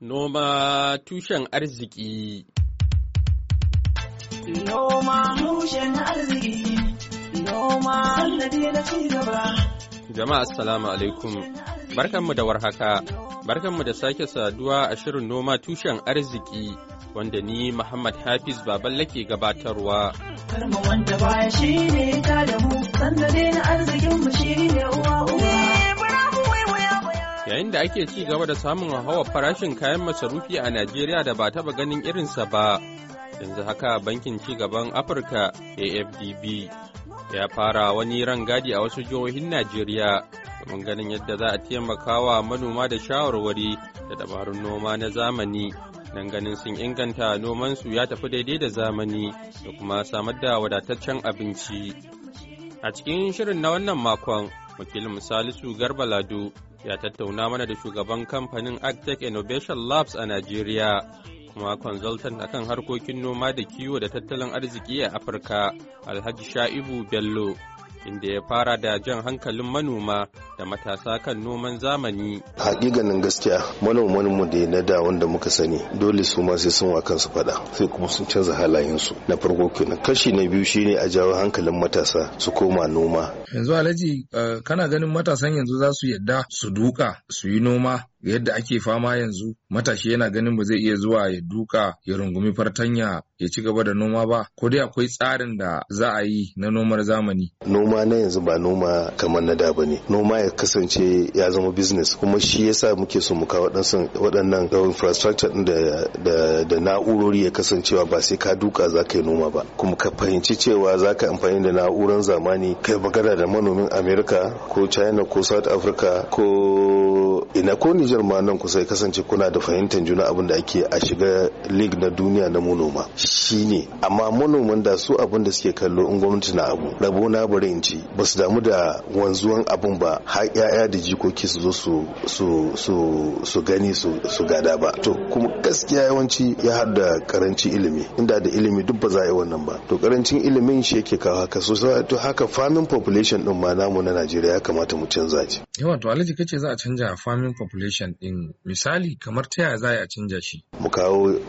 Noma tushen arziki Noma tushen arziki Noma sannadi da ci gaba Jama'a assalamu alaikum barkanmu da warhaka barkanmu da sake saduwa a shirin noma tushen arziki wanda ni Muhammad Hafiz baban lake gabatarwa Karma wanda baya shi ne ta da mu sannadi na arzikin mu shi ne uwa uwa yayin da ake ci gaba da samun hawa farashin kayan masarufi a Najeriya da ba taba ganin irinsa ba. Yanzu haka bankin ci gaban Afirka AFDB ya fara wani rangadi a wasu jihohin Najeriya domin ganin yadda za a taimaka wa manoma da shawarwari da dabarun noma na zamani. Nan ganin sun inganta nomansu ya tafi daidai da zamani da kuma samar da wadataccen abinci. A cikin shirin na wannan makon, wakilin Salisu Garba Lado ya tattauna mana da shugaban kamfanin agtech innovation labs a najeriya kuma consultant akan harkokin noma da kiwo da tattalin arziki a afirka alhaji sha'ibu bello inda ya fara da jan hankalin manoma da matasa kan noman zamani. Hakikanin gaskiya manoman mu da na da wanda muka sani dole su ma sai sun wa kansu fada sai kuma sun canza halayensu na farko kenan kashi na biyu shine a jawo hankalin matasa su koma noma. Yanzu Alhaji eh, kana ganin matasan yanzu za su yadda su duka su yi noma yadda ake fama yanzu matashi yana ganin ba zai iya zuwa ya duka ya rungumi fartanya ya ci gaba da noma ba ko dai akwai tsarin da za a yi na nomar zamani noma na yanzu ba noma kamar na da bane noma ya kasance ya zama business kuma shi yasa muke so mu kawo waɗannan infrastructure din da na'urori ya kasancewa ba sai ka duka za ka yi noma ba kuma ka fahimci cewa za ka amfani da na'uran zamani kai magana da manomin america ko china ko south africa ko ina ko Nijar ma nan kusa kasance kuna da fahimtar juna abin da ake a shiga league na duniya na manoma shine amma manoman da su abin da suke kallo in gwamnati na abu rabo na bari in ci ba su damu da wanzuwan abin ba har yaya da jikoki su zo su su su gani su su gada ba to kuma gaskiya yawanci ya da karancin ilimi inda da ilimi duk ba za a yi wannan ba to karancin ilimin shi yake kawo haka so to haka farming population din ma namu na Najeriya ya kamata mu canza ci yawa to alhaji kace za a canja farming population constitution ɗin misali kamar ta yaya za a canja shi mu kawo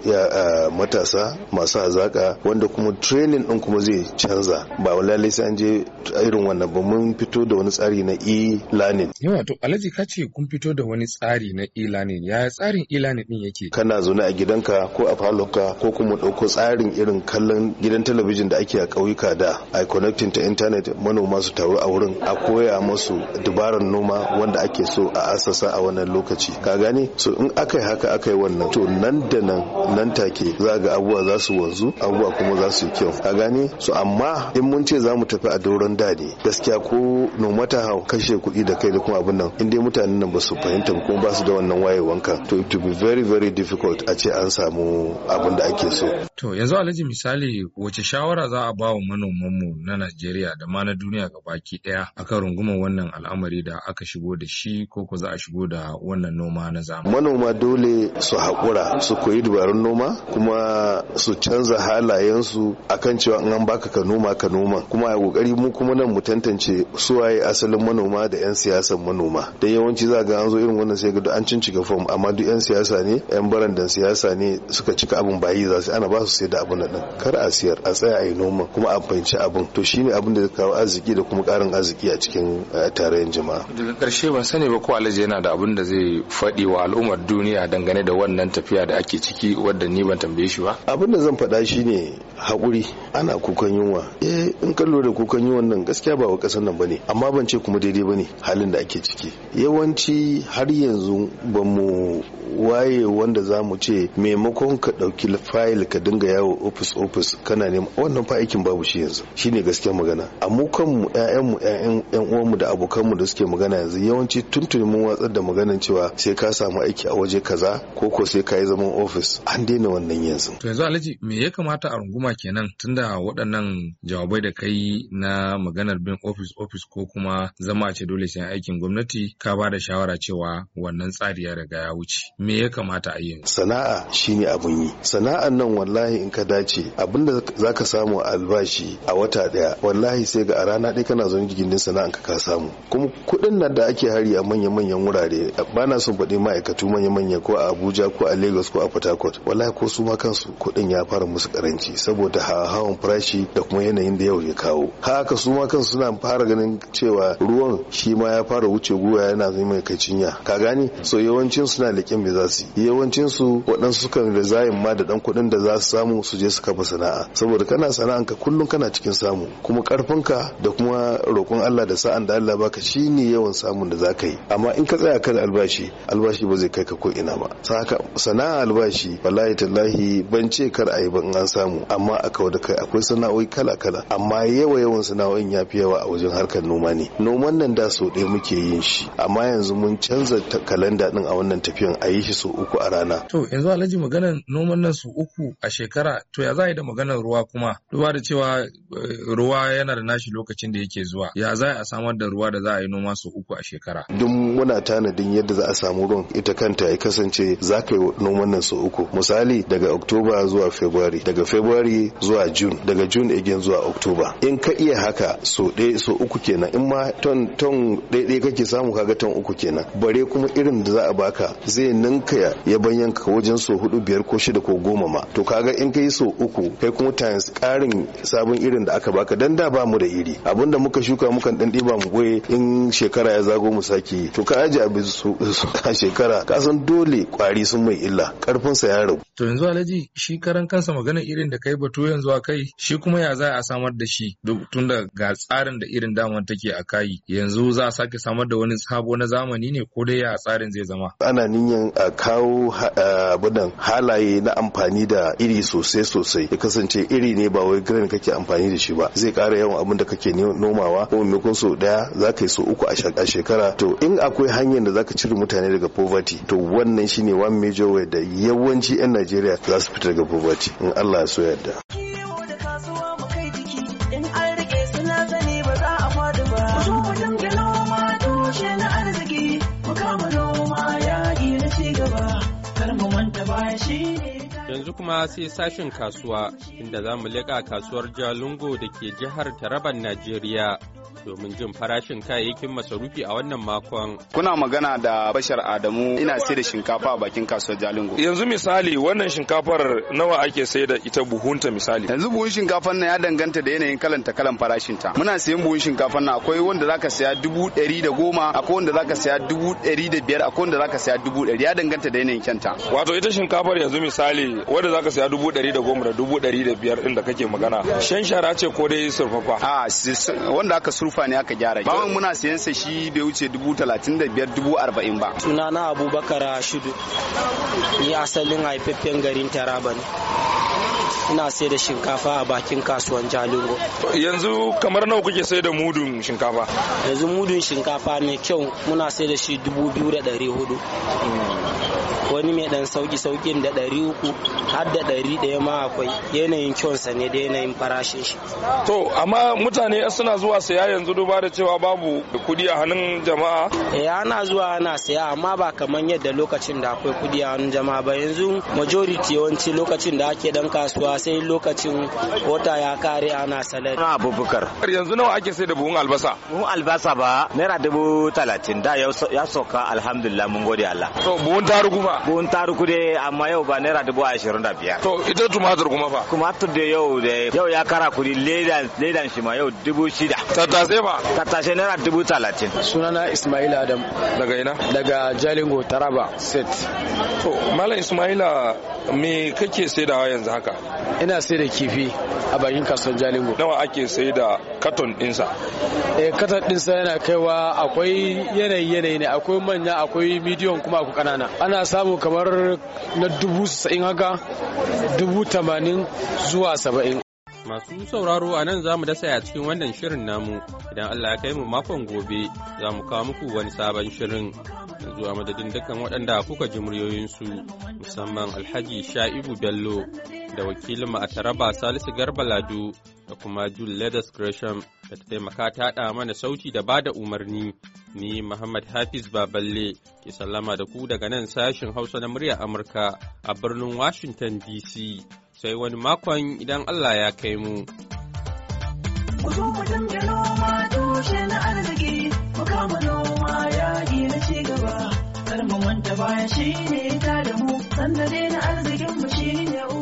matasa masu hazaka wanda kuma training ɗin kuma zai canza ba lalai sai an je irin wannan ba mun fito da wani tsari na e-learning yawa to alhaji ka ce kun fito da wani tsari na e-learning ya tsarin e-learning ɗin yake kana zaune a gidanka ko a falonka ko kuma ɗauko tsarin irin kallon gidan talabijin da ake a ƙauyuka da a connecting ta intanet manoma su taru a wurin a koya musu dabarar noma wanda ake so a asasa a wannan lokaci lokaci ka gane so in aka yi haka aka yi wannan to nan da nan nan take za ga abubuwa za su wanzu abubuwa kuma za su yi kyau ka gane so amma in mun ce za mu tafi a doron dadi gaskiya ko no mata hau kashe kuɗi da kai da kuma abin nan in dai mutanen nan ba su fahimta ba kuma ba su da wannan wayewan wanka to it be very very difficult a ce an samu abin da ake so to yanzu alhaji misali wace shawara za a ba wa mu na Najeriya da ma na duniya gaba ki daya akan rungumar wannan al'amari da aka shigo da shi ko ko za a shigo da wannan wannan noma na zamani. Manoma dole su haƙura su koyi dabarun noma kuma su canza halayensu akan cewa in an baka ka noma ka noma kuma a kokari mu kuma nan mu tantance suwaye asalin manoma da 'yan siyasan manoma da yawanci za ga an zo irin wannan sai ga an cincika fom amma duk 'yan siyasa ne 'yan barandan siyasa ne suka cika abin ba yi za su ana ba su sai da abin nan kar a siyar a tsaya a yi noma kuma a fahimci abin to shine abin da kawo arziki da kuma karin arziki a cikin eh, tarayyar jama'a daga karshe ban sani ba ko alhaji yana da abin da zai faɗi wa al'ummar duniya dangane da wannan tafiya da ake ciki wadda ni ban tambaye shi ba abin da zan faɗa ne haƙuri ana kukan yunwa eh in ka lura da kukan yunwan nan gaskiya ba wa ƙasar nan bane amma ban ce kuma daidai bane halin da ake ciki yawanci har yanzu ba mu waye wanda za mu ce maimakon ka ɗauki fayil ka dinga yawo ofis ofis kana nema wannan fa aikin babu shi yanzu shine gaskiya magana a mu kanmu yayanmu ƴaƴan uwanmu da abokanmu da suke magana yanzu yawanci tuntuni mun watsar da maganan cewa sai ka samu aiki a waje kaza ko ko sai ka yi zaman ofis an daina wannan yanzu. To yanzu Alhaji me ya kamata a runguma kenan tunda waɗannan jawabai da kai na maganar bin ofis ofis ko kuma zama ce dole sai aikin gwamnati ka ba da shawara cewa wannan tsari ya riga ya wuce me ya kamata a yi. Sana'a shine abun yi sana'an nan wallahi in ka dace abinda zaka samu albashi a wata ɗaya wallahi sai ga a rana ɗaya kana zaune gindin sana'an ka ka samu kuma kuɗin nan da ake hari a manya-manyan wurare bana nan faɗi ma'aikatu manya-manya ko a abuja ko a lagos ko a port harcourt wallahi ko su ma kansu kuɗin ya fara musu karanci saboda hawan farashi da kuma yanayin da yau ya kawo haka su ma kansu suna fara ganin cewa ruwan shi ma ya fara wuce guwa yana zai mai kacinya ka gani so yawancin suna leƙen me za su yawancin su waɗansu kan rizayin ma da ɗan kuɗin da za su samu su je su kafa sana'a saboda kana sana'an ka kullun kana cikin samu kuma ka da kuma roƙon Allah da sa'an da Allah baka shine yawan samun da zaka yi amma in ka tsaya kan albashi albashi albashi ba zai kai ka ko ina ba saka sana'a albashi wallahi tallahi ban ce kar a yi ban an samu amma a kawo da kai akwai sana'o'i kala kala amma yawa yawan sana'o'in ya fi yawa a wajen harkar noma ne noman nan da sau ɗaya muke yin shi amma yanzu mun canza kalanda din a wannan tafiyan a yi shi sau uku a rana to yanzu alhaji maganar noman nan sau uku a shekara to ya za a yi da maganar ruwa kuma duba da cewa eh, ruwa yana da nashi lokacin da yake zuwa ya za a samar da ruwa da za a yi noma sau uku a shekara duk muna tanadin yadda za a samu ruwan ita kanta ya kasance za ka yi noman nan sau uku misali daga oktoba zuwa february daga february zuwa june daga june again zuwa oktoba in ka iya haka so ɗaya so uku kenan in ma ton ton ɗaya kake samu kaga ton uku kenan bare kuma irin da za a baka zai ninka ya ka wajen so hudu biyar ko shida ko goma ma to kaga in ka yi so uku kai kuma times ƙarin sabon irin da aka baka dan da ba mu da iri abinda muka shuka mukan dan ɗiba mu goye in shekara ya zago mu sake to ka aji abin su ta shekara kasan dole kwari sun mai illa karfinsa ya ragu To yanzu Alhaji shi karan kansa magana irin da kai batu yanzu a kai shi kuma ya za a samar da shi tun tunda ga tsarin da irin daman take a kai yanzu za a sake samar da wani sabo na zamani ne ko dai ya tsarin zai zama. Ana niyan a kawo abudan halaye na amfani da iri sosai sosai ya kasance iri ne ba wai grain kake amfani da shi ba zai kara yawan abin da kake nomawa ko maimakon so daya za ka yi so uku a shekara to in akwai hanyar da za ka cire mutane daga poverty to wannan shine one major way da yawanci 'yan Najeriya za su fita daga gobaci in Allah ya so yadda. Yanzu kuma sai sashen kasuwa inda za mu leƙa kasuwar Jalingo da ke jihar Taraban Najeriya domin jin farashin kayayyakin masarufi a wannan makon. Kuna magana da Bashar Adamu ina sai da shinkafa a bakin kasuwar Jalingo. Yanzu misali wannan shinkafar nawa ake sai da ita buhunta misali. Yanzu buhun shinkafar na ya danganta da yanayin kalan ta kalan farashin ta. Muna sayan buhun shinkafar na akwai wanda zaka saya dubu ɗari da goma akwai wanda zaka saya dubu ɗari da biyar akwai wanda zaka saya dubu ɗari ya danganta da yanayin kyanta. Wato ita shinkafar yanzu misali wanda zaka saya dubu ɗari da goma da dubu ɗari da biyar ɗin da kake magana. Shan shara ce ko dai surfafa. Ah, wanda aka surfa tifa ne aka gyara bawan muna sayan sa shi bai wuce dubu talatin da biyar dubu arba'in ba na abubakar shudu ni asalin haifaffen garin taraba ne ina sai da shinkafa a bakin kasuwan jalingo yanzu kamar nawa kuke sai da mudun shinkafa yanzu mudun shinkafa mai kyau muna sai da shi dubu biyu da ɗari hudu wani mai dan sauki saukin da ɗari uku har da ɗari ɗaya ma akwai yanayin kyonsa ne da yanayin farashin shi. To amma mutane suna zuwa saya yanzu duba da cewa babu kudi a hannun jama'a. E ana zuwa ana saya amma ba kamar yadda lokacin da akwai kudi a hannun jama'a ba yanzu majority yawanci lokacin da ake dan kasuwa sai lokacin wata ya kare ana salari. Na abubakar. Yanzu nawa ake sai da buhun albasa? Buhun albasa ba naira dubu talatin da ya sauka alhamdulillah mun gode Allah. To buhun tarugu ba? bun taruku de amma yau ba naira dubu ashirin da biyar. To ita tumatur kuma fa? Tumatur da yau da yau ya kara kuɗi ledan ledan shi ma yau dubu shida. Tattase ba. Tattase naira dubu talatin. Sunana ismaila Adam. Daga ina? Daga Jalingo Taraba set. To Malam Ismaila me kake saidawa yanzu haka? Ina saida kifi a bakin kasuwar Jalingo. Nawa ake saida katon ɗinsa? Eh katon ɗinsa yana kaiwa akwai yanayi yanayi ne akwai manya akwai midiyon kuma akwai ƙanana. Ana samun samu kamar na dubu haka dubu tamanin zuwa saba'in Masu sauraro a nan za mu dasa a cikin wannan shirin namu idan Allah ya kai mu makon gobe za mu kawo muku wani sabon shirin yanzu a madadin dukkan waɗanda kuka ji muryoyinsu musamman Alhaji Sha'ibu Bello da wakilin a Taraba Salisu Garba Lado da kuma jule Ledes Gresham da ta taimaka ta da mana sauti da ba da umarni. Ni Muhammad Hafiz Baballe ke sallama da ku daga nan sashin Hausa na muryar Amurka a birnin Washington DC. Sai wani makon idan Allah ya kai mu. Kar mu manta baya shi ne ta da mu, sanda na arzikin mu shi ne